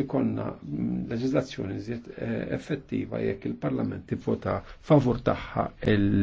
ikonna leġislazzjoni eh, effettiva jekk il-Parlament ivvota favur tagħha il